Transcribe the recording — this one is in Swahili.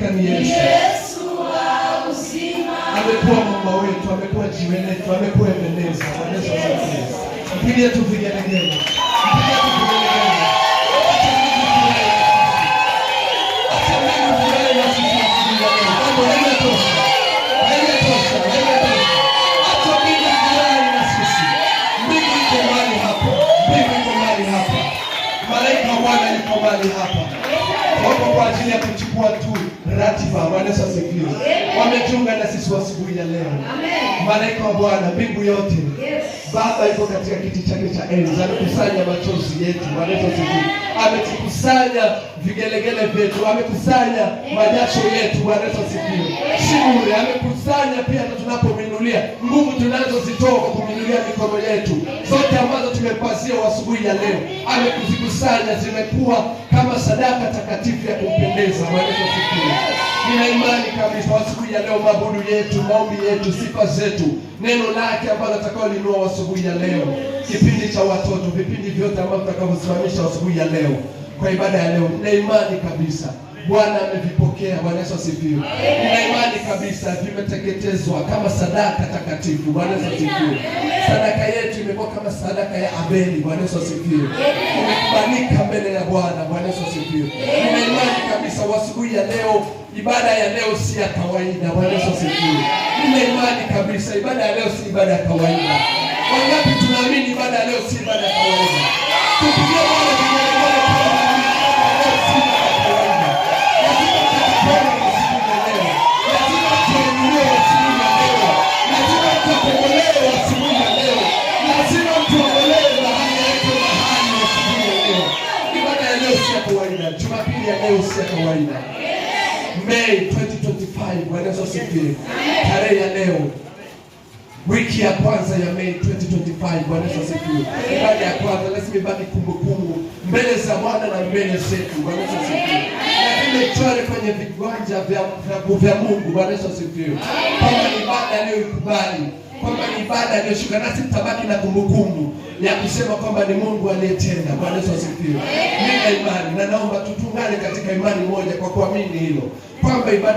hakika ni Yesu. Yesu wa uzima amekuwa mwamba wetu, amekuwa jiwe letu, amekuwa endeleza. Mpigie tu vigelegele. Malaika wa Bwana yuko mahali hapa, wako kwa ajili ya kuchukua tu Katifa. Bwana Yesu asifiwe. Wamejiunga na sisi asubuhi ya leo. Malaika wa Bwana, mbingu yote, Baba yuko katika kiti chake cha enzi, amekusanya machozi yetu. Bwana Ametukusanya vigelegele vyetu, amekusanya majasho yetu. Bwana Yesu Shukrani, amekusanya pia hata tunapominulia nguvu tunazozitoa kwa kuminulia mikono yetu zote ambazo tumepazia asubuhi ya leo, amekuzikusanya zimekuwa kama sadaka takatifu ya kumpendeza. Nina imani kabisa asubuhi ya leo, mabudu yetu, maombi yetu, sifa zetu, neno lake ambalo linua asubuhi ya leo, kipindi cha watoto, vipindi vyote ambavyo tutakavyosimamisha asubuhi ya leo, kwa ibada ya leo, nina imani kabisa Bwana amevipokea. Bwana Yesu asifiwe. imani kabisa vimeteketezwa kama sadaka takatifu. Bwana Yesu asifiwe. Sadaka yetu imekuwa kama sadaka ya Abeli. Bwana Yesu asifiwe. Imekubalika mbele ya Bwana. Bwana Yesu asifiwe. imani kabisa asubuhi ya leo ibada ya leo si ya kawaida. Bwana Yesu asifiwe. Nina imani kabisa ibada ya leo si ibada ya kawaida. Wangapi tunaamini ibada ya leo si ibada ya kawaida? kawaida. Jumapili ya leo si ya kawaida. May 2025, Bwana asifiwe. Tarehe ya leo wiki ya kwanza ya Mei 2025, Bwana asifiwe. Baada ya kwanza lazima ibaki kumbukumbu mbele za Bwana na mbele zetu, Bwana asifiwe. Imechore kwenye viwanja vya vya Mungu, Bwana asifiwe. Kama ibada leo ikubali ibada aliyoshuka nasi tutabaki na kumbukumbu ya kusema kwamba ni Mungu aliyetenda. Bwana Yesu asifiwe. na imani na naomba tutungane katika imani moja kwa kuamini hilo kwamba ibada